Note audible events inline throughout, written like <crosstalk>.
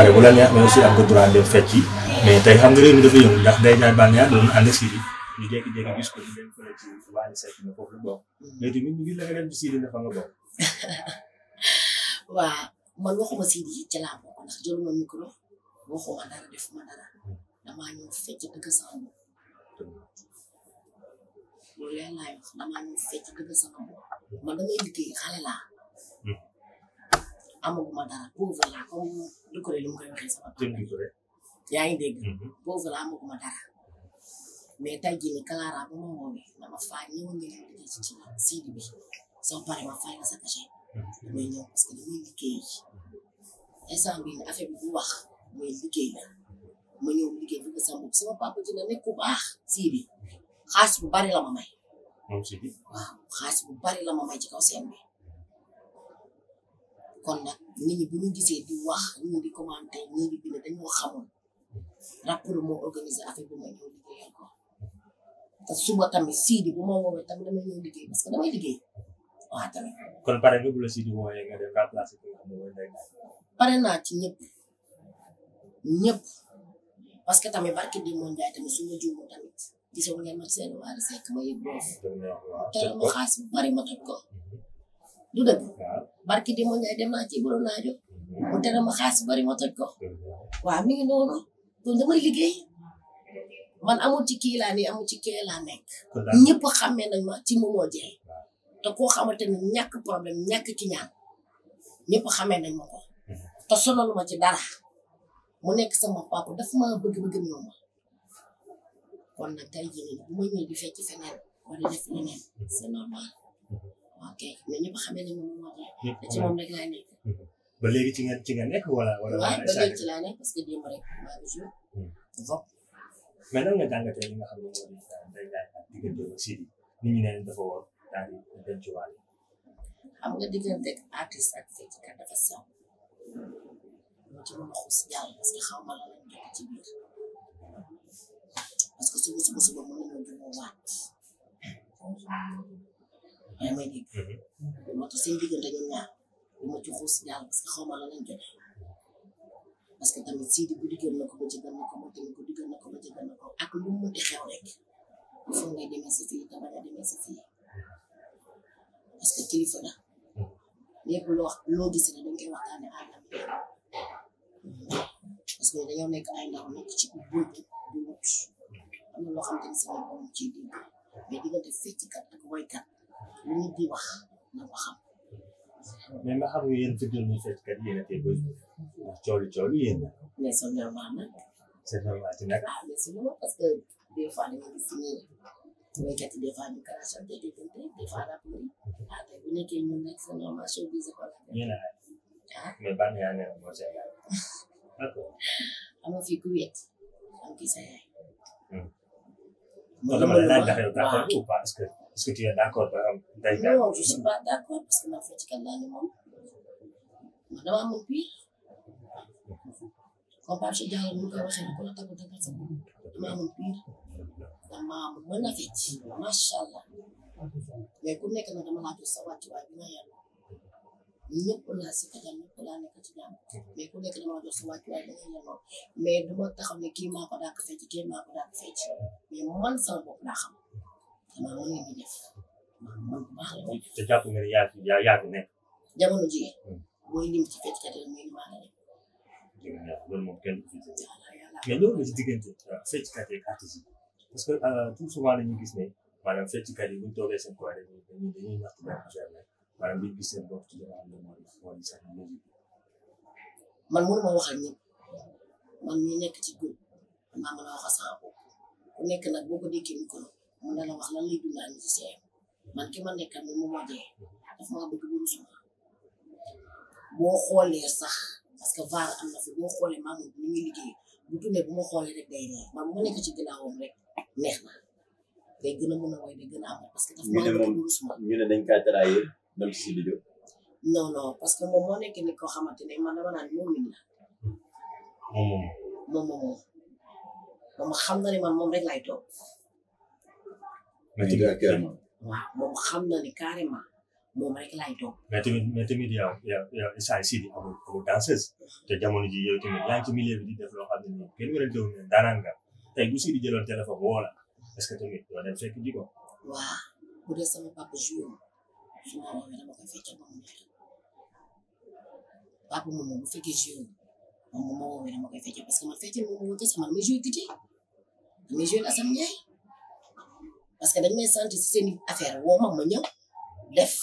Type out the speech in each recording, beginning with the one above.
soirée bu la neex mais aussi am nga droit de fecc yi mais tey xam nga réew mi dafa yëngu ndax day jaay bànneex doon ànd si ñu jékki-jékki gis ko ci benn collectif waaye seet na foofu la bokk mais tamit ñu ngi la nga dem ci Sidi dafa nga bokk. <laughs> waaw man waxuma Sidi ca laa bokk ndax jëluma micro waxuma dara defuma dara damaa ñëw fecc dëgg sama bopp loolu laay wax damaa ñëw fecc dëgg sama bopp man damay liggéey xale laa. amaguma dara pauvre laa comme du ko li mu koy waxee sama papa yaa mhm. dara mais tey jii ni Clara bu ma woowee dama faa ñëwoon ñu leen liggéey ci Sidi bi soo ma fay la sa cachet mhm. damay ñëw parce bi bu wax muy liggéey la ma ñëw liggéey bi ko sama bopp sama dina nekk ku baax Sidi xaalis bari la ma may. moom bari la ma may ci bi. kon nag nit ñi bu ñu gisee di wax ñii di di bind dañoo xamul rapport moo organisé affaire bi ma ñëw liggéeyal ko te suba tamit Sidi bu ma woowee tamit dama ñëw liggéey parce tamit. kon bu la Sidi wooyee nga def place bi pare naa ci ñëpp ñëpp parce que tamit barke di moo njaay tamit su ma juumoo tamit gisoo ngeen ma seen wàllu sekk ma yëg boof. te mu xaas bari ma toj ko. du dëgg barki di mu ñay dem naa ci buro naa mu tere ma xaas bari moo toj ko waaw mi ngi noonu kon damay liggéey man amul ci amu laa nii amul ci kee laa nekk ñëpp xàmmee nañ ma ci Momo te koo xamante ne ñàkk problème ñàkk ki ñaan ñëpp nañ ma ko te ma ci dara mu nekk sama papa daf ma bëgg bëgg ñëw kon nag tey jii bu ma ñëwee di fekk feneen wala def leneen c'est normal waaw kay mais ñëpp xamee ne moom moo jaay. te ci moom ba léegi ci nga nekk wala wala. waaw ba léegi ci laa parce que démb rek maa ngi jour. Hmm. vopp. mais nan nga jàngatee nga xam ne moo di day jaay ak dafa war daal di ci wàll. xam nga diggante artiste ak fecckat dafa sew. moo ci mën a parce que xaw ma la lañ def ci biir. parce que suba yaa may dégg. Mhm. moo tax seen diggante ñoom ñaar du parce que xaw ma la parce que tamit sii di ko diggal na ko ba jëgal na ko ba tamit ko diggal na ko ba jëgal na ak lu mu munti xew rek sa parce que kilifa la loo loo ne dañ koy waxtaane ànd ak parce que dañoo nekk ay ndaw nekk ci bunt di wut am na lii di wax na ko xam. mais nga xam ne yéen fi ñu fecckat yéen a tey ba ndax coolu coolu yéen la. mais c'est normal nag. c'est normal ci nag. ah mais c'est fi ku wet am ki sa yaay. non dama la laaj ndax yow d'accord est-ce um, que tu es d'accord par man man damaa amul biir comme Pape Cheikh Diallo mu ko waxee ni ku a fecc macha allah mais ku nekk nag dama laa jox sa wàccuwaay bi nga mais ku nekk dama la jox sa wàccuwaay taxaw ne kii maa fecc kii maa ko dàq fecc mais man sama bopp laa man mën nga def man man bu baax la koy def. te jàpp nga ne yaa fi yaa fi nekk. jamono ji. mooy lim ci fekk kat mooy lu baax la def. loolu moom kenn ku ci mais loolu la ci diggante fecckat yi ak artistes yi parce que tout souvent dañuy gis ne maanaam fecckat yi bu ñu toogee seen koy dañuy dañuy dañuy ñàkk benn affaire la maanaam duñ gis seen bopp ci dara loolu mooy mooy seen musique man mënuma wax ak ñëpp man mi nekk ci groupe maa mën a wax ak sama bopp ku nekk nag boo ko déggee micro mun na la wax lan lay dundal ci seeyam man ki ma nekkal moom moo ma dee dafa ma bëgg bu rusu boo xoolee sax parce que vaar am na fi boo xoolee maam ni ngi liggéey bu tuddee bu ma xoolee rek day neex man bu ma nekk na day gën a mën gën a parce que dafa ma bëgg bu rusu ñu ne dañ kaa trahir même parce que moom moo nekk ni koo xamante ne man dama naan moom xam na ne man rek laay toog mais tamit waaw moom xam na ne carrément moom rek laay toog. mais tamit mais tamit yow yow yow Sidi amul amul te jamono ji yow tamit bi def loo xam ne nii kenn wérante wu ne daanaan nga tey Sidi jëloon téléphone woo la est ce que tamit doo dem fekk ji ko. waaw bu dee sama ma woowee dama koy fecc ba mu neex moom bu fekkee ma woowee parce que man fecc moom moo tax man ma joué guddi ma parce que dañ may sant si affaire woo ma ma ñëw def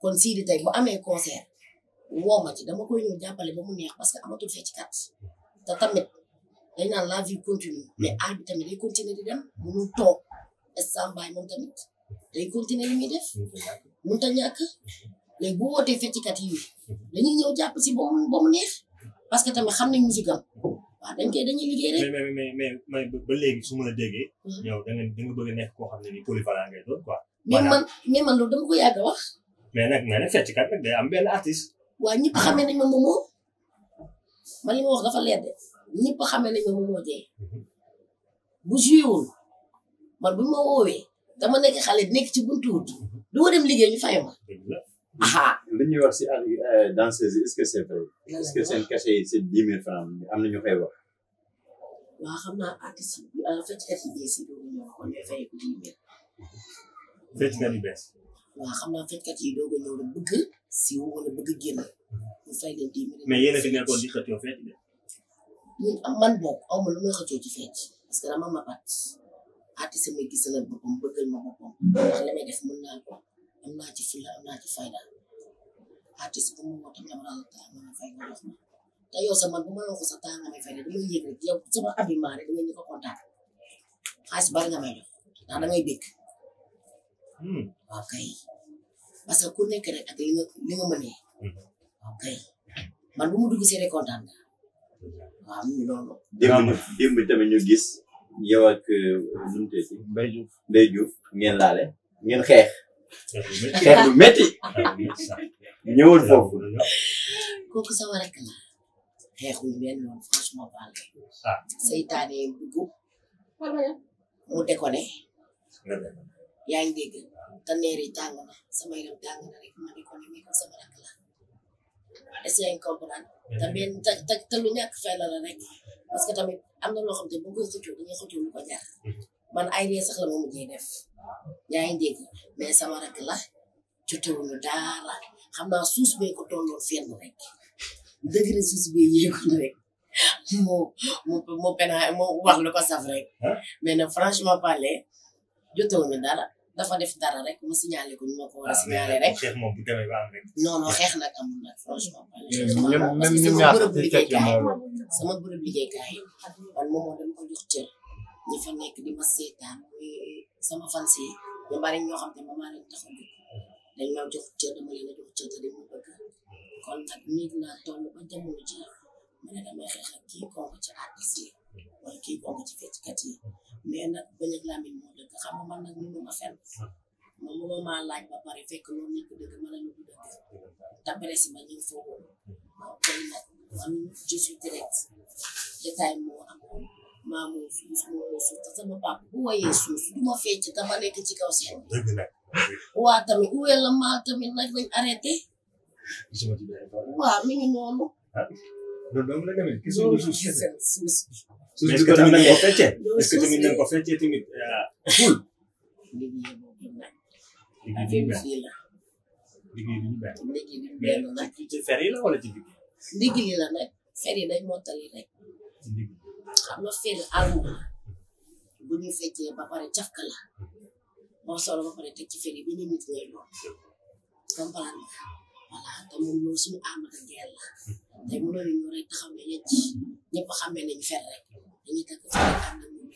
kon Sidy tey bu amee concert woo ma ci dama koy ñëw jàppale ba mu neex parce que amatul fecc kat te tamit dañ naan la vie continue mais aar bi tamit day continuer di dem munu toog estambaay moom tamit day continuer li muy def mënut a ñàkk léegi bu ñëw jàpp si ba mu ba parce que tamit xam nañ musique waaw dañ koy liggéey rek. mais mais mais mais ba léegi su ma la déggee. Mhm. yow da nga da nga bëgg a nekk koo xam ne nii polyvalent ngay doon quoi. mais man loolu dama ko yàgg a wax. mais nag mais nag fecc kat nag day am benn artiste. waaw ñëpp xamee nañ ma Momo man li ma wax dafa leer de ñëpp xamee nañ ma Momo Dieng mhm. bu joué man bu ma woowee dama nekk xale nekk ci buntu mhm. du ma dem liggéey ñu fay ma. ñuy wax si danseuse yi est-ce que c'est vrai am na ñu koy wax. waaw xam naa artiste yi euh, fecckat yi bees yi doogu ñëw kon day bees. waaw xam naa fecckat yi doogu ñëw a fi man ma lu may xëccoo ci fecc parce que dama ma boppam def mën naa ko am naa ci fayda. artiste bu mu mën tamit dama naan tàngoor nga fay ma te yow sa man bu ma la ko sa tàngoor fay ne damay yëg rek yow sama rek damay ñu ko kontaan xaalis bari nga may jox ndax damay bég. waaw kay parce que ku nekk rek ak li nga li nga man bu mu dugg si rek kontaan mu ngi loolu. démb démb ñu gis yow ak nu mu tëjee. Mbaye Diouf Mbaye Diouf ngeen ñëwul foofu. kooku sama rek la xeexul benn yoon franchement parlé. Ah. seytaane dugg mu déconné. yaa ngi dégg neer yi tàng sama yaram tàng rek ma déconné mais comme sama rek la est-ce que comprendre mm-hmm. lu ñàkk fay la rek parce que tamit am na loo xam te bu ko xëccoo mm-hmm. man ay ree sax la ma def yaa ngi mais sama rek la jotewuñu daara. xam naa suus bee ko tolloo fenn rek degré suus bee yéegul rek moo moo moo pena moo wax lu ko saf rek mais nag franchement parler jotewuñu dara dafa def dara rek mu signalé ko ñu ah, signalé rek xeex moom bu demee franchement parler sama bërëb liggéeykaay sama bërëb liggéeykaay man moom moo dama ñi fa nekk di ma seetaan sama fan si ñu bari ñoo xam te dañ ma jox cër dama leen a jox cër te bëgg kon nag nii laa toll ba jamono ji ma ne damay xeex ak kii kooku ci artiste yi wala kii ci fecckat yi mais nag bañ ak làmmiñ moo dëkk xam nga man nag mënu ma fen ma mënoo maa laaj ba pare fekk loolu sama papa bu woyee suuf du ma fecc dama nekk ci kaw seen waa tamit uweel la maal tamit nag mi ngi noonu. Ah, loolu dong la demee gis nga suuf si suuf euh, bi yi la wala ci rek. xam nga fer arme bu ñu ba pare cafka la. moo solo ba pare teg ci feri bi nit ngay doon comprendre nga voilà te moom loolu amata geel la te mënoo ñëw rek taxaw ne ñett ñëpp xamee nañu fer rek dañuy takk fer rek am na moom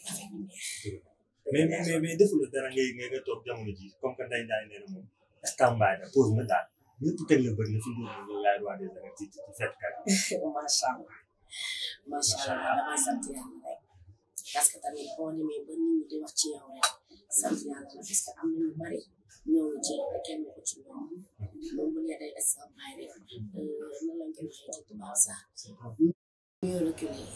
affaire toog jamono ji comme que nday nday nee na moom stambaay la pour nga daal ñëpp teg la bëri na fi mu doon ñu laay des <laughs> rek parce que tamit boo demee ba nit ñi di wax ci yow rek sant yàlla parce que am na ñu bari ñoo ci kenn ko ci ñoom moom bu ne day sa baay rek euh, nan lañ koy waxee ci tubaab sax ñu reculer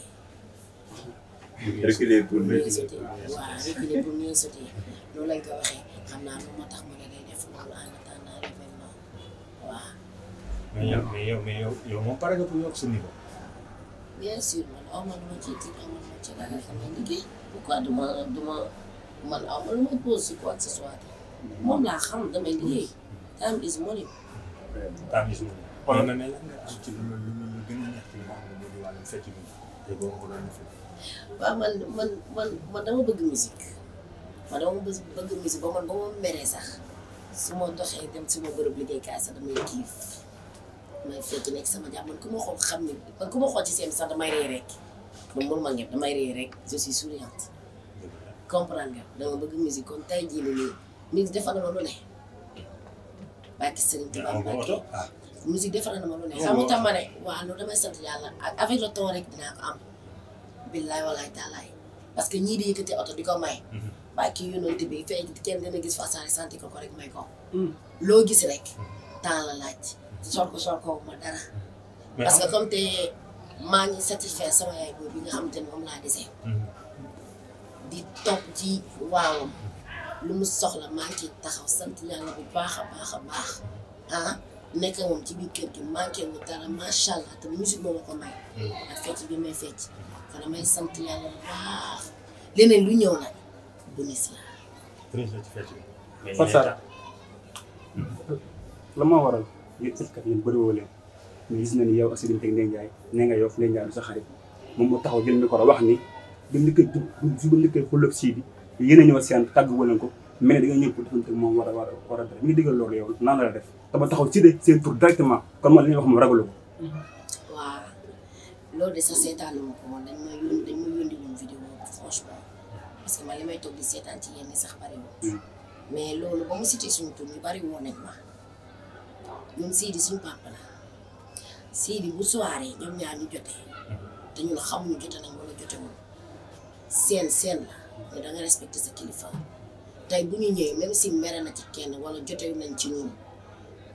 reculer pour mieux sauter waaw reculer pour mieux sauter loolu lañ ko waxee xam naa lu ma tax ma ne day def loolu en attendant l'événement waaw mais yow mais yow mais yow yow moom pare nga pour yokk sa niveau bien sûr man aw ma lu ma ciy tiit aw ma lu ma ci ragal xam nga liggéey pourquoi duma duma man aw ma lu may pose si ko accessoire moom laa xam damay liggéey time is money. time is money. wala na ne lan nga am ci lu lu lu gën a neex bi te boo ko doon fecc. waaw man man man dama bëgg musique man dama bëgg musique ba man ba ma meree sax su ma doxee dem su ma bërëb liggéeykaay sax damay kiif may fecc nekk sama jàmm man ku ma xool xam ne man ku ma xool ci seen sax damay rey rek man mënuma ngeen damay rey rek je suis comprendre nga dama bëgg musique kon tey jii nii musique defal na ma lu ne. barke Serigne Touba Mbacké ah. musique defal na loolu damay sant yàlla ak avec le temps rek dinaa ko am. billaay walaay taalaay parce que ñii di yëkkati oto di ko may. waaye mhm. kii yonent bi fekk kenn dana gis façon santi ko ko rek may ko. Mm. loo gis rek mhm. temps la laaj. sor ko ma dara. Mhm. parce que comme te maa ngi satisfaire sama yaay boobu bi nga xamante moom laa gisee. di topp ci waawam lu mu soxla maa ngi ciy taxaw sant bu baax a baax a baax ah nekk moom ci biir kër gi manqué wu dara macha allah te musique ma ko may. Mm. ak fecc bi may fecc baax leneen lu ñëw la. bonus la ci fecc la moo waral yéen fecc kat yéen leen ñu gis na ni yow ak Serigne Ndiaye nee nga yow Ndiaye du sa xarit moom mu taxaw jël micro wax ni. ba mu liggéey sii bi yéen a ñëw seen tàgg wala ko mais da nga ñëw pour defante moom war a war a war a def mi ngi déggal loolu yow naan la def dama taxaw ci de ñuy wax moom ragalu ko. waaw de sax seetaanu ma ko woon dañ ma yónni dañ ma yónni ñoom parce que man li may toog seetaan ci yenn sax bariwul. Hmm. mais loolu ba mu cité suñu tur ñu ma ñun Sidi suñu papa la Sidi bu soirée ñoom jotee te ñun xamuñu jote nañ wala jotewul. seen seen la da nga respecté sa kilifa tey bu ñu ñëwee même si mere na ci kenn wala jote nañ ci ñun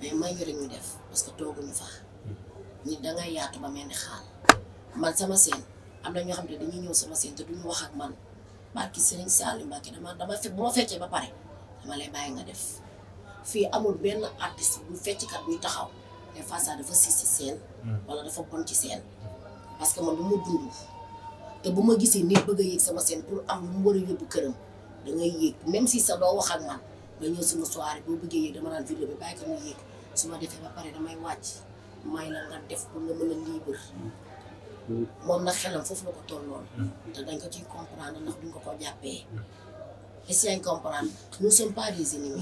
mais may yore ñu def parce que tooguñu fa ñi da ngay yaatu ba mel ni xaal man sama seen am na ñoo xam ne dañuy ñëw sama seen te duñu wax ak man barki Serigne Saliou Mbacké dama dama fekk bu ma feccee ba pare dama lay bàyyi nga def fii amul benn artiste bu fecckat buy taxaw des fois dafa siis ci seen. Hmm. wala dafa bon ci seen parce man lu mu dund. te bu ma gisee ni bëgg a yéeg sama seen pour am lu mu war a yóbbu këram da ngay yéeg même si sa doo wax ak man nga ñëw sama soirée boo bëggee yéeg dama naan vidéo bi bàyyi ko mu yéeg su ma defee ba pare damay wàcc may la nga def pour nga mën a libre moom nag xelam foofu la ko tolloon te dañ ko comprendre ndax duñ ko ko jàppee est-ce que comprendre nous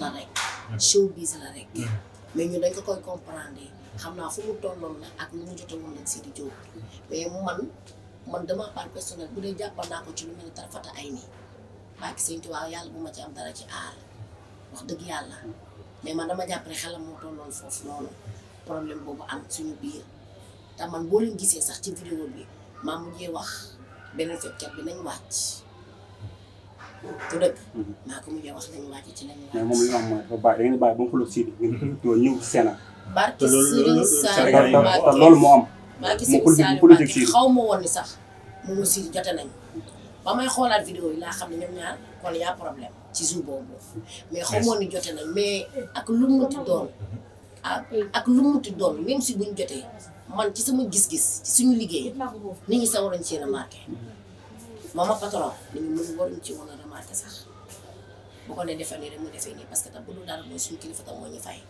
la rek mm. showbiz rek mm. mais ñun dañ koy comprendre xam naa fu mu tolloon la ak lu mu jote woon nag Sidi Diop mais man dama part personnel bu dee jàppal naa ko ci lu mel ne tarafata ay nii baaki sëñ Tuubaa yàlla bu ma ci am dara ci aar wax dëgg yàlla mais man dama jàpp rek xelam moo tolloon foofu noonu problème boobu am suñu biir te man boo leen gisee sax ci vidéo bi maa mujjee wax beneen fekkat bi nañ wàcc du dëgg. Mhm. maa ko mujjee wax nañ wàcc ci nañ wàcc. mais moom li nga xam mooy dafa bàyyi da ngeen barke Serigne Saliou Mbacké loolu moo am. barke Serigne Saliou Mbacké xaw ma woon ni sax moom si jote nañu ba may xoolaat vidéo yi laa xam ne ñoom ñaar kon yaa problème ci jour mais xaw ma ni jote nañ mais ak lu mu munti doon ak lu mu munti si buñ jotee man ci sama gis-gis ci suñu liggéey nit ñi sa waroon ci remarqué ma patron nit ñi mun waruñ ci woon a remarqué sax bu ko ne defee nii rek mu defee nii parce que tam bu dul dara mooy suñu kilifa tam moo ñu fay.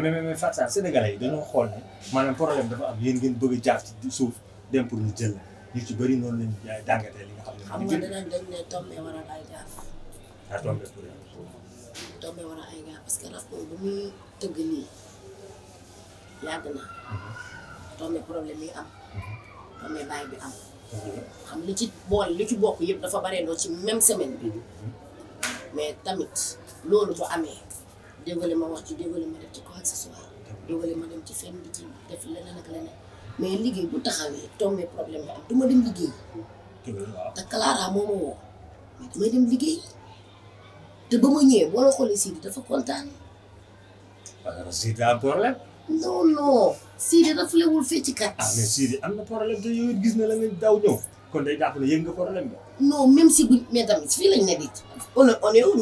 mais mais mais Fatou Sarr sénégalais yi dañoo xool ne maanaam problème dafa am yéen ngeen bëgg a jaar ci suuf dem pour ñu jël ñu ci bëri noonu lañu jaay dàngatee li nga xam ne. xam nga danañ dañ ne tombé waral ay gaaf. ah tombé pour tombé waral ay gaaf parce que rapport bu muy tëgg nii yàgg na. Mhm. tombé problème yi am. Mhm. tombé bàyyi bi am. Mhm. xam li ci bool li ci bokk yëpp dafa bareendoo ci même semaine bi mais tamit loolu su amee. déggoo ma wax ci déggoo ma def ci quoi que ce soit déggoo ma dem ci fenn ci def leneen ak leneen mais liggéey bu taxawee tombé problème bi am du dem liggéey. te Clara ma woo mais ma ñëwee boo la xoolee Sidi dafa kontaan. waaw Sidi a problème. non non Sidi rafetlu wul fecc ah, am na problème te yow gis na la nga daw ñëw. kon day jàpp ne yëg nga problème bi. non si bu mais tamit fii lañ ne di on est on est où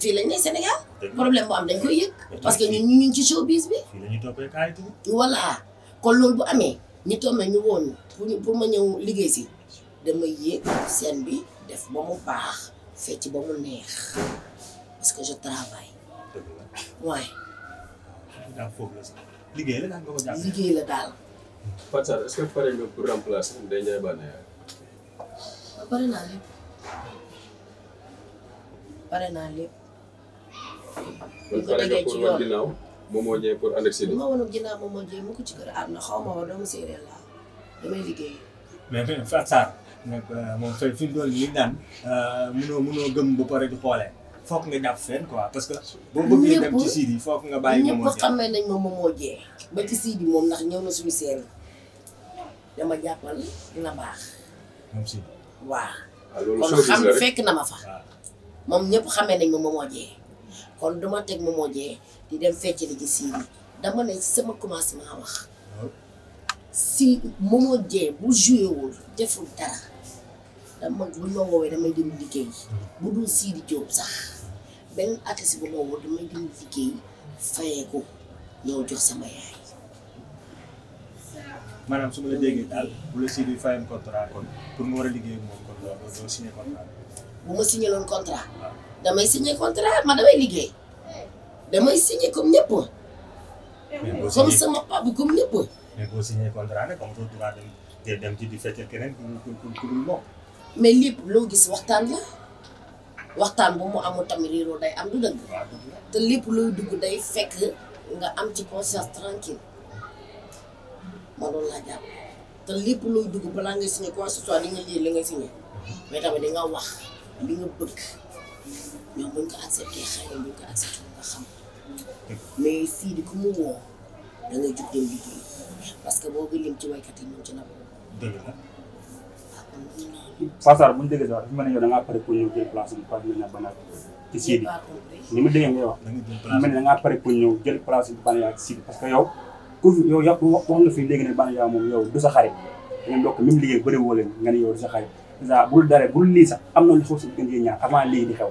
fii lañ ne Sénégal. problème bu am dañ koy yëg. parce que ñun ñu ngi ci showbiz bi. fii la ñuy toppee kaayitu. voilà kon loolu bu amee ñi toog ñu woon pour pour ma ñëw liggéey si dama yéeg seen bi def ba mu baax fecc ba mu neex parce que je travaille. waaye. liggéey la daal nga que pare naa lépp pare naa lépp. ñu ko liggéey ci yoon ginnaaw moom moo bi. ma woon ginnaaw moom moo ñëwee mu ko ci kër na xaw ma woon doomu séeréer laa damay liggéey. mais fi Fatou Sarr nag euh, moom fi fi mu doon euh, li pare di xoolee. foog nga jàpp fenn quoi parce que. boo bëggee dem ci nga bàyyi. Momo nañ ma Momo Dieng ba ci Sidi moom ndax ñëw na dama jàppal dina baax. Ah, fekk na ma fa. moom ñëpp xamee nañ ma Momo Dieng kon duma teg Momo Dieng di dem fecc li ci Sidy dama ne sama commencement wax si Momo Dieng bu joué wul deful dara dama ma woowee damay dem liggéey hmm. bu dul Sidy sax benn artiste bu ma woo damay dem liggéey fayee su ma la déggee daal bu la Sidy contrat. damay signé contrat man damay liggéey damay signé comme ñëpp. comme sama papa comme ñëpp. mais boo signé contrat mais loo gis waxtaan la waxtaan bu mu amul tamit réeroo day am du dëgg. te lépp looy dugg day fekk nga am ci conscience tranquille ma loolu laa jàpp te lépp looy dugg balaa ngay signé quoi que ce mhm. tamit di wax li nga bëgg. ñoom buñ ko accepté xëy na buñ ko accepté nga xam mais fii di ku mu woo da ngay jug dem liggéey parce que boobu lim ci waykat yi ñoom ci la bokk. Ah, bu ñu déggee sax dafa mel ni yow da ngaa pare pour ñëw jël place mel ni da ngaa pare ñëw jël place bi Bana ak parce que yow ku yow yàpp wax nga fi léegi ne Bana yaa moom yow du sa xarit leen nga ne yow du bul dara bul lii sax am na lu xaw si diggante ñaar avant lii di xew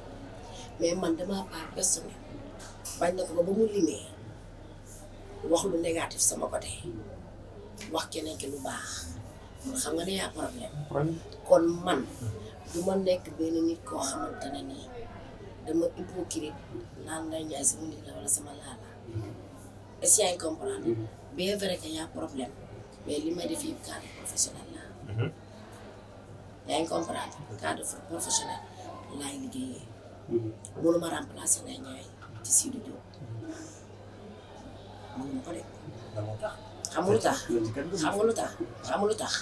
mais man dama part personnel bañ na ko ba mu limee wax lu négatif sama côté wax keneen ki lu baax xam nga ne yaa problème kon man du ma nekk benn nit koo xamante ne nii dama hypocrite naan lay ñaay sama nit la wala sama laala est yaa ngi comprendre bien vrai que yaa problème mais li may def yëpp cadre mhm. yaa ngi liggéeyee loolu ma remplacé ngay ñaay ci Sidy Diop mënu ma ko de xam nga tax xam tax xam nga lu tax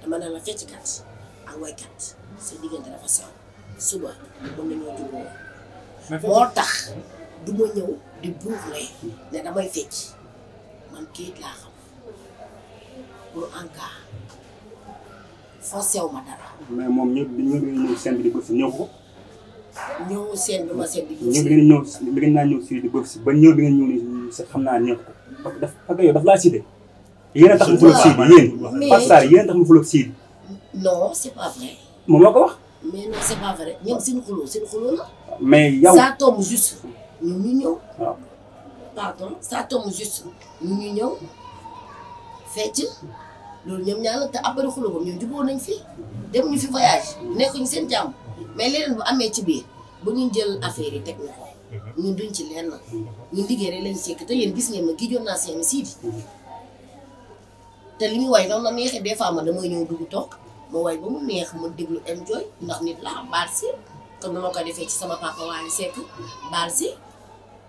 dama ne la fecckat seen diggante dafa sew suba mën nañoo juboo moo tax du ma ñëw di buuxle ne damay fecc man kayit laa xam pour en foo sew ma dara mais moom ñëpp ñëw seen bi di ko fi ñëw ko ñëw seen bi ma seen bi. ñëw bi ngeen ñëw bi ngeen naa ñëw fii di bëf si ba ñëw bi ngeen ñëw nii sax xam naa neex ko parce que daf parce que yow daf laa cité. yéen a tax mu fuloog Sidi yéen Fatou Sarr yéen a tax mu fuloog Sidi. non c'est pas vrai. moom moo ko wax. mais non c'est pas vrai ñoom seen xuloo seen xuloo la. mais yow ça tombe juste ñu ñu ñëw. waaw ah. pardon ça tombe juste ñu ñu ñëw fecc loolu ñoom ñaar te après xuloo boobu ñoom jubóo nañ fi dem ñu fi voyage nekkuñu seen jàmm. mais leneen bu amee ci biir ba ñu jël affaire yi teg na mhm. duñ ci lenn ñun liggéey rek lañ sekk te yéen gis ngeen ma gi joon naa seen siidi te li muy way noonu la neexee des fois man damay ñëw dugg toog ma way ba mu neex ma déglu enjoy ndax nit laa baal si comme ni ma ko defee ci sama papa Waly Seck baal si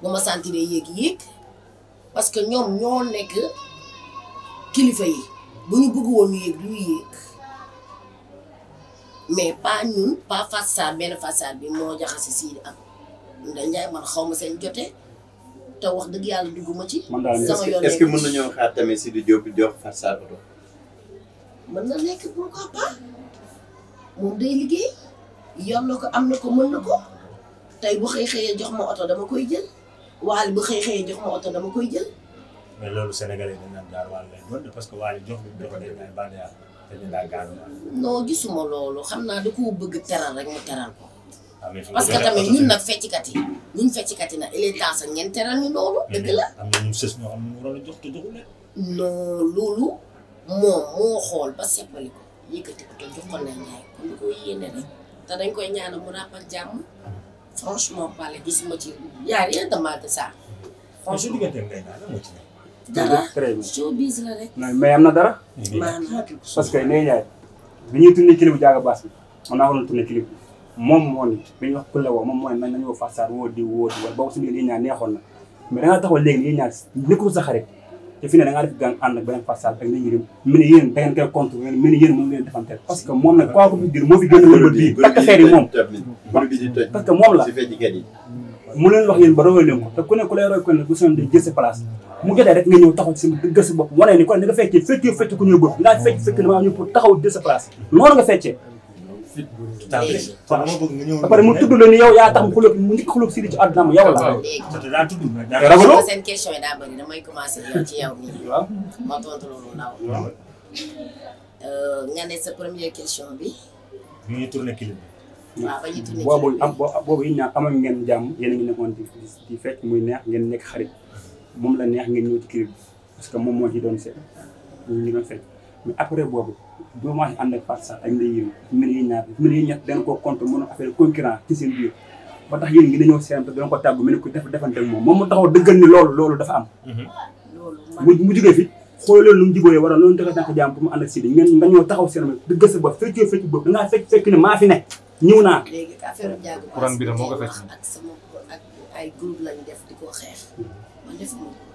bu ma sentiree yéeg yéeg parce que ñoom ñoo nekk kilifa yi bu ñu bëgg woon yéeg du ñu yéeg mais pas ñun pas façade benn façade bi moo jaxase Sidi ak Ndeye Ndiaye man xaw ma seen jotee te wax dëgg yàlla dugguma ci. sama yoon est-ce que mën nañoo xaar tamit moom day liggéey yor na ko am na ko mën na ko tey bu xëy xëyee jox ma oto dama koy jël waal bu xëy xëyee jox ma oto dama koy jël. mais loolu sénégalais dañ naan daal waal lay mën parce que waal jox bi jox leen ay bànneex dañu laa gaañu gisuma loolu xam naa da koo bëgg teral rek mu teral ko. Ah, parce que tamit ñun nag fecckat yi ñun fecckat yi nag il est sax ngeen teral ñu loolu dëgg la. am na ñu sës te joxu leen. non loolu moom moo xool ba seppali ko te jox ne ñaay kon ñu koy yéene rek te dañ koy ñaanal mu ràpp jàmm franchement parler gisuma ci y a rien de mal su diggante ngay naan moo ci nekk. dara showbiz la rek. na dara. parce que nee Ndiaye bi ñuy tourné clip bu jaaga baas bi naa ko doon tourné clip bi moom moo ni bi ñuy wax woo moom mooy man nañu woo Fassar woo di woo di wala boobu suñu yéen ñaar neexoon na mais da ngaa taxaw léegi yéen ñaar nekkul sa xarit te fi ne da ngaa def gan ànd ak beneen Fassar ak nañu dem mu ne yéen da ngeen koy compte ne yéen moom ngeen defanteel parce que moom nag quoi ko fi dir moo fi gën a wëlbat bii takk xeer yi moom parce mu leen wax yéen ba roy leen ko te ku ne ku lay roy ku ne bu soon day jël sa place mu jotee rek nga ñëw taxaw ci sa gëstu bopp wane ni kon ni nga feccee feccee fecc ku ñëw bëgg ngaa fecc fekk dama ñëw pour taxaw jël sa place noonu nga feccee ba pare mu tudd la ni yow yaa tax mu xulóog mu njëkk xulóog si di ci àdduna am yow la ragaloo seen question yi daa bëri damay commencé ci yow nii waaw ma tontu loolu ndaw euh, nga ne sa première question bi ñu ngi tourné clip bi waaw ba yittu nit boobu am boobu it naa amoon ngeen jàmm yéen ngi nekkoon di di fekk muy neex ngeen nekk xarit moom la neex ngeen ñëw ci kër moom moo ci doon seet ñu ngi doon fekk boobu boo ma ànd ak Fatou sax ak Ndeye Yéen mën ngeen ñaar mën ngeen ñett dana ko a affaire concurrent ci seen biir ba tax yéen ngi def defante ak moom moom mu taxaw dëggal ni loolu loolu dafa am mu fi xool loolu lu mu jibooyee waral loolu tax naa ñoo taxaw seen dëgg sa bopp feccoo fecc fekk fekk ne maa fi nekk ñëw naa. léegi affaire jàng bi de ak sama ak ay groupe lañ def di ko xeex man defuma ko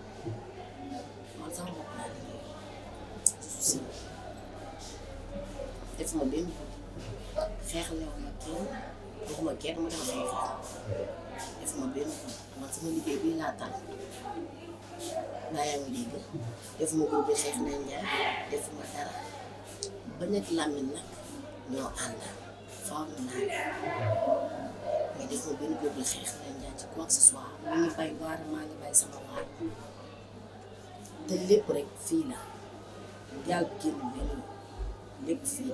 man sama bopp laa liggéey ma kenn waxuma dem xeex defuma benn man sama liggéey bii laa tànn naa yaa ngi dégg defuma groupe xeex nañ njaay defuma dara ba nekk làmmiñ nag ñoo ànd. femme mais defoo benn góor la xeex ngay njaay ci quoi que ce soit mu ngi bay waaram maa ngi bay sama waar te lépp rek fii la gaal bi génn benn lépp fii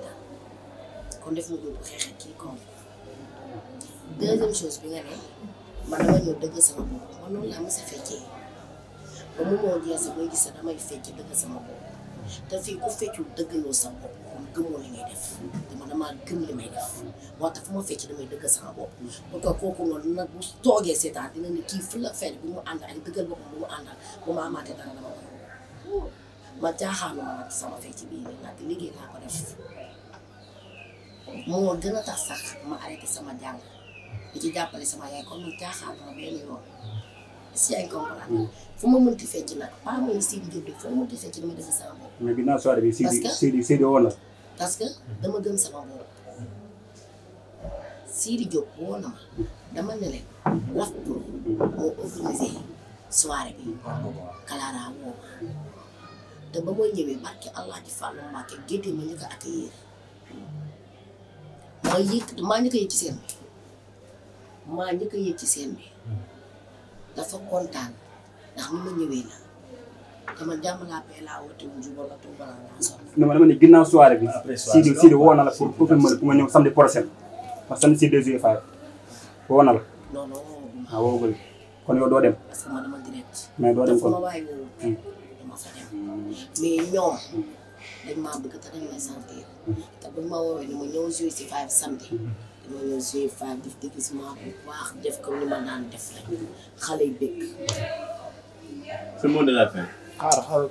kii kaw deuxième bi nga laa mës a feccee ba mu moo jeex sa booy gis damay fecc dëgg sama bopp te fii ku feccul dëggaloo sa bopp kon gëmoo li ngay def dama damaa gëm li may def moo tax fu ma fecc damay dëgg sama bopp bu ko kooku noonu nag bu toogee seetaan dina ne kii fu la fenn bu ma amaatee dara fecc bii nii nag liggéey naa gën a tax sama ci jàppale sama yaay kon man jaaxaanu ma benn yoon si ay comprendre mm. fu ma mënti fecc fecc dama def sama bopp. mais ginnaaw soirée woon la. parce que dama gëm sama bopp Sidi Diop woo na dama ne leen raf moo organisé soirée bi Clara woo ma te ba mooy ñëwee barke allah ci fàllu Mbàkke gédde ma ñu ko accueillir maa yëg maa ñu ko ci seen bi dafa kontaan ndax ni ma ñëwee la dama jàmm laa paix laa woote wu jubóor la Touba la laa soxla. non dama ne ginnaaw soirée bi. après soirée bi Sidi Sidi woo na la pour pour nga ñëw samedi prochain. parce que samedi si deux heures five woo na la. non non ah woo ko kon yow doo dem. parce que man dama direct. mais doo dem kon dafa ma waay woo. dama fa dem mais ñoom. dañ maa bëgg te dañ may sentir. te buñ ma woowee ni ma ñëw jouer si five samedi. dama ñëw jouer five def déguisement bu baax def comme ni ma daan def rek xale yi bëgg. c'est le mot de la fin. xaar xaar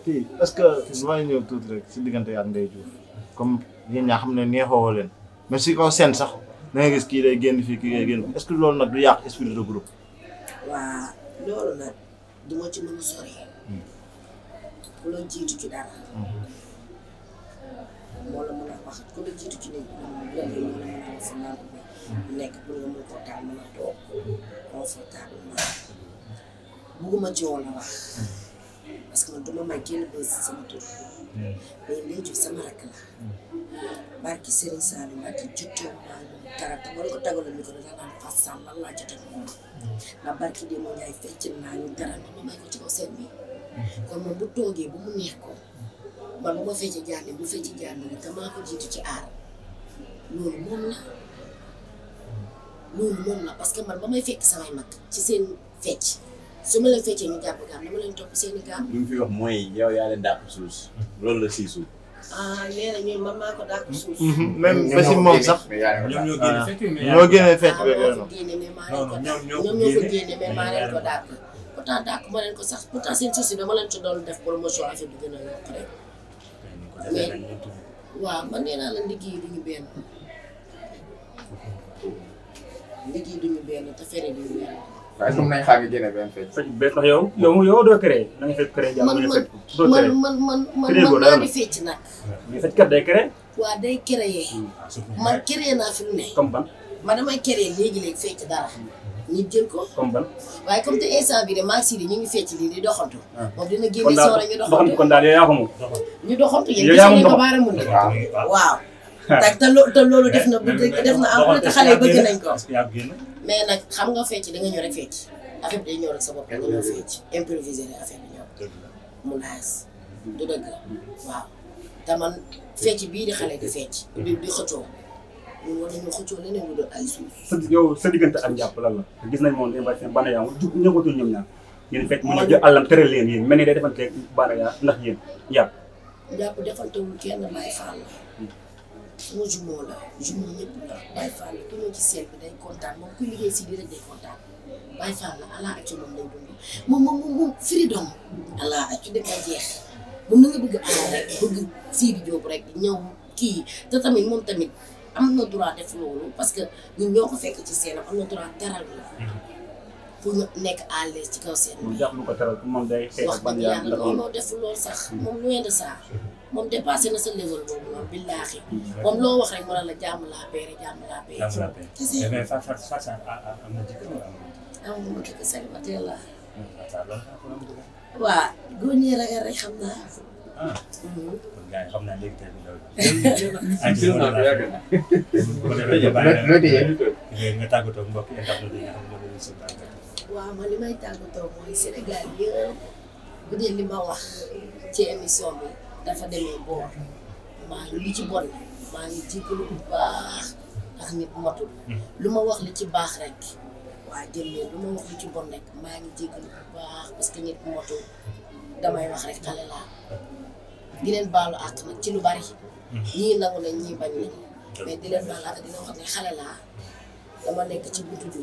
est-ce que damay ñëw tuuti rek si diggante ak Ndeye Diouf comme yéen xam ne neexoo leen mais seen sax da gis kii day génn fii kii day génn est-ce que loolu nag du yàq esprit de hmm. la jiitu hmm. a wax ku la jiitu ci nekk loolu a wax. parce que man duma màggee la ba sama tur mais léegi sama rakk la barki Serigne Saliou Mbacké jottoo naa ñu dara te wala ko laa jotee moom ndax barki de naa ñu dara ñu ma may ko ci kaw seen bi kon moom bu toogee bu mu neex man bu ma fecce jànne bu fecce jànne ni te ko jiitu ci aar loolu moom la mm. loolu moom la parce que man ba may fekk samay mag ci seen fecc su ma leen feccee ñu jàpp gaam dama leen topp seeni gaam. mooy yow yaa dàq suus loolu la sii ah nee na ñun maa ko dàq suuf. Mhm. Mhm. même ba moom sax. ñoo génne fecc fecc bi maa leen ko dàq pourtant dàq ma leen ko sax pourtant seen suuf si dama leen ci doon def promotion affaire bi gën a yokk rek. mais waaw man nee naa la liggéey duñu benn liggéey duñu benn te fere duñu benn. waaye su ma nañ xaar nga génne benn fecc. fecc bees ndax yow yow da nga fekk créé jàpp nga fekk. doo créé man man man man maa ngi fecc nag. mais fecc kat day créé. waaw day créé. man créé naa fi mu ne. comme ban. man damay créé léegi-léegi fecc dara. nit jël ko. comme ban. waaye te instant bi de maa ngi ñu ngi fecc lii di doxantu. moom ah. dina génne soora ñu doxantu kon daal yaa ko ñu doxantu yéen gis nañu ko ah. waaw waaw. te loolu def na <laughs> def na en tout xale yi bëgg nañ ko. mais nag xam nga fecc da nga ñëw rek fecc affaire bi day ñëw rek sa mu naas du dëgg waaw te man fecc bii di xale di fecc di di xëccoo ñun war nañu xëccoo leneen lu doon ay suuf sa diggante ak njàpp lan gis nañ moom invité bana yaa ju ñëwatul ñoom ñaar yéen fecc mu ñëw jël àllam ni day yaa ndax yéen njàpp njàpp defantewul kenn bàyyi faal la suma jumoo la jumoo ñëpp la Baye Fall la ku ñëw ci seet bi day kontaan moom kuy liggéey si rek day kontaan Baye Fall la allah accu moom lay dund moom moom rek ñëw kii te tamit moom tamit am na droit def loolu parce que ñoo ko fekk ci seenam am na droit teral la pour nekk à l'aise ci kaw seen bi wax dëgg yàlla looloo def loolu sax moom loin de ça moom dépassé na sa level boobu moom billaahi moom loo wax rek mu ne la jàmm laa peere jàmm laa peere. jàmm laa peere mais Fatou Fatou am na jëkkër wala am na jëkkër célibataire laa. waaw góor ñi ragal rek xam naa. ah kon gars yi xam naa léegi tey jii loolu. nga tàggatoo ak mbokk yi nga xam ne waaw man li may tàggatoo mooy Sénégal yëpp bu dee li ma wax ci émission bi. dafa demee boor maa ngi li ci bon maa ngi jéggalu bu baax ndax nit matul hmm. lu ma wax lu ci baax rek waa jël leen lu ma wax li ci bon rek maa ngi jéggalu bu baax parce que nit matul damay wax rek xale laa di leen baalu àq nag ci lu bari hmm. ñii naw nañ ñii bañ nañ hmm. mais di leen baalu àq dina wax ne xale laa dama nekk ci buntu bi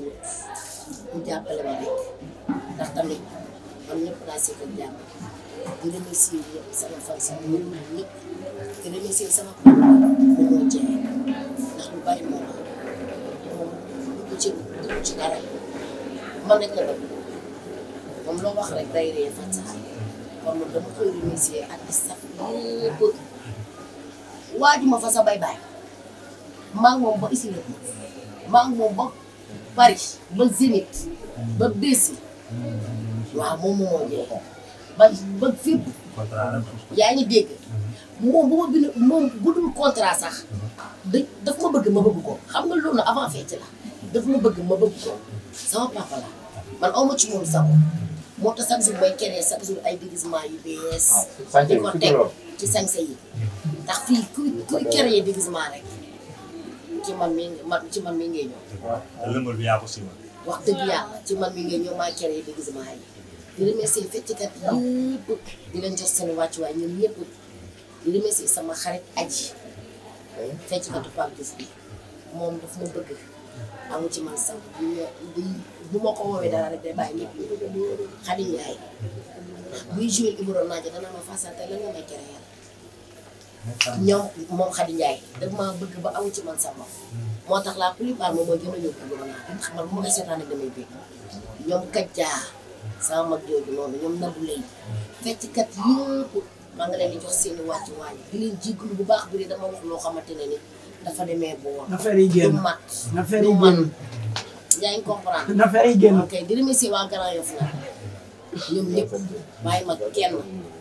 mu jàppale ma rek ndax tamit man ñëpp laa seqal jàmm di remercier ñëpp sama fan sama ñoom ñëpp di remercier sama papa bu moo jeex ndax lu bari moo la moom dugg ci dugg ci dara man rek la bëgg moom loo wax rek day ree fan sax kon dama koy remercier ak staff yëpp waajuma fa sa bay bay maa ngi moom ba Isilette maa ngi moom ba Paris ba Zénith ba Bercy waaw moom moo ma joxoon ba ba fépp. yaa ngi dégg. moom bu ma bind moom bu dul contrat sax. da ma bëgg ma bëgg ko xam nga loolu avant fête la daf ma bëgg ma bëgg ko sama papa la man aw ma ci moom sago moo tax chaque jour may keneen ay déguisement yu bees. di ko teg ci sañse yi. ndax fii ku kuy créer déguisement rek ci man mi ci man mi ngay ñëw. lëmbal yaa ko wax dëgg yàlla ci man mi ngay ñëw maa créer déguisement yi. di remercier feccikat yëpp di leen jox seen wàccuwaay ñoom ñëpp di remercier sama xarit aji eh, feccikatu Pape Diouf bi moom daf ma bëgg amu ci man sax bu ma ko woowee dara rek day bàyyi ñëpp Xadi Njaay buy joué Ibro Naaja dana ma fasante lan nga may ba amu ci man sax moom moo tax laa plupart moom mooy ñëw Ibro Naaja xam nga bu damay bëgg ñoom kajjaa sama mag jooju noonu ñoom nabu lay fecckat yëpp maa ngi leen di jox seen i wàcc waañ di leen jéggalu bu baax bi dama wax loo xamante ne ni dafa demee boor du mat du man yaa ngi comprendre ok di remercier waa Grand Yoff mag kenn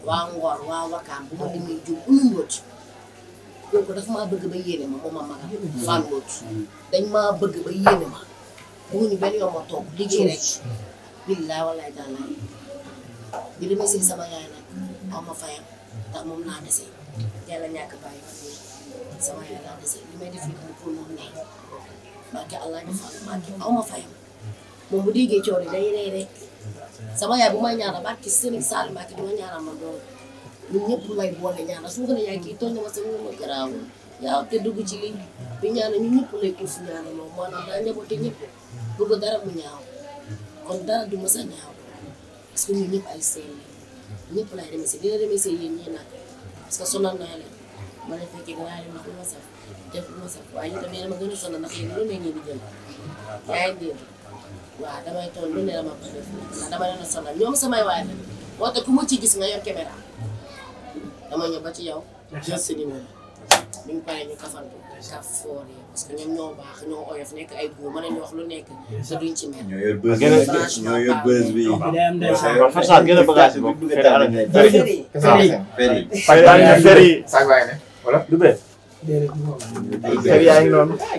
waa Ngor waa Wakaam bu ma limee jum uñu mbóot dafa maa bëgg ba yéene ma moom a magal fan mbóot dañ maa bëgg ba yéene ma bëgguñu benn yoon ma toog liggéey rek billaay walaay taalaay bi dama sëy sama yaay nag aw fayam ndax moom laa dese yàlla ñàkk bàyyi sama yaay laa dese li may def nii pour moom ne barke Allah defal barke aw ma fayam moom bu déggee coow li day rey sama yaay bu may ñaanal barke Sëriñ Saali Mbàkke dama ñaanal ma doon ñun ñëpp may bool ñaanal su ma ko ne yaay kii tooñ na ma sa ma garaaw yaa te dugg ci lii bi ñaanal ñun ñëpp lay tuuf ñaanal moom maanaam daa njaboot te ñëpp kon dara du ma sa ñaaw parce que ñun ay seen ñëpp laay remercier dina remercier yéen ñii nag parce sonal naa leen ma ne fekkee naa leen wax ma saf ma saf waaye ñu tamit a ma gën a sonal ndax yéen lu ne ngeen di jël yaa ngi ne dama a sonal ñoom samay waay la moo ku ma ci gis nga yor caméra dama ñëw ba ci yow sa numéro mu paree ñu kafal ko kaf foor yi parce que ñun ñoo baax ñoo oyof nekk ay góor mën nañu wax lu nekk te duñ ci mel. ñoo yor bës bi ñoo yor bës bi. waaw Fatou Seye gën a bagage boobu. feri feri feri feri feri sax waay ne wala du bee. feri yaa ngi noonu. ah,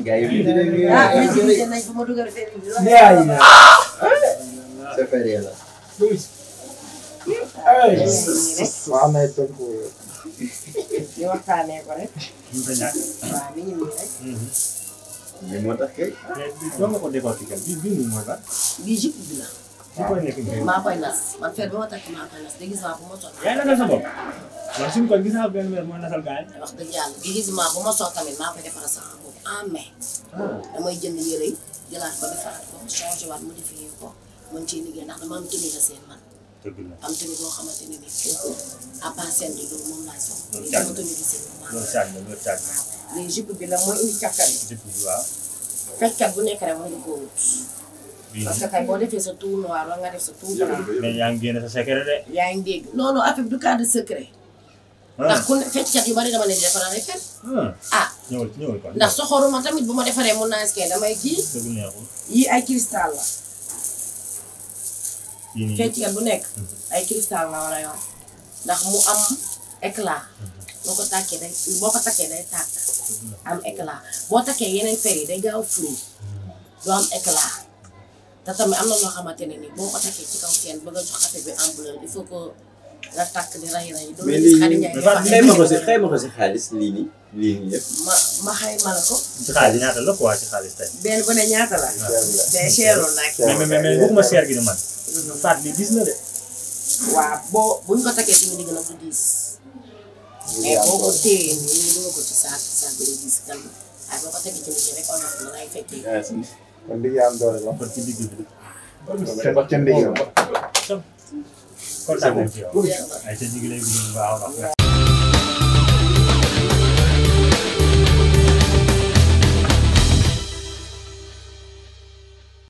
ah, ah ñu waxtaanee ko rek. mënut a ñàkk. waaw mi ngi nii rek. mais moo tax kay. mais bi doon nga ko décortiquer bi maa koy nas man fer bi ma takk maa koy nas de gis maa bu ma sotti. tamit maa koy defaral sama damay jënd yére yi jëlaat ko defaraat ko changé waat modifié ko mën cee liggéey ndax dama am kilifa seen man. am tamit loo xamante ne nii foofu à part bi loolu moom la mooy indi càkkal bi. jupe fekkat bu nekk rek war nga koo wut. def sa tout blanc. mais yaa ngi génne sa secret de. yaa ngi dégg loolu ah. bari dama leen di defaral ay ah, ah. ndax soxoruma tamit bu ma defaree mu naas kay damay kii. yii ay cristal la. fecckat bu nekk mhm. ay cristal la war a yor ndax mu am éclat mhm. boo ko tàkkee day boo ko takkee day tàkk mhm. am éclat boo takkee yeneen fer yi day gaaw firi du am éclat te tamit am na loo xamante ne nii boo ko takkee ci kaw seen bëgg a jox affaire bi ampleur il faut que nga takk di ray ray. mais xaalis lii nii ma ma xayma la ko. ci xaalis ñaata la quoi ci xaalis tey. benn bu ne ñaata la. tey seeroon naa ko. mais mais mais seer gi du man. Mm-hmm. faat bi gis na de. waaw boo buñ ko takkee suñu digg la mu diis. mais boo ko téye nii ñu dugal ko ci saak saak bi ñu gis calme waaye boo ko takkee ci nit rek on a la lay fekkee. kon digg yaa am doole la. kon ci la. kontaan nañ ci yow. ay ca ñu ngi lay bu baax a baax.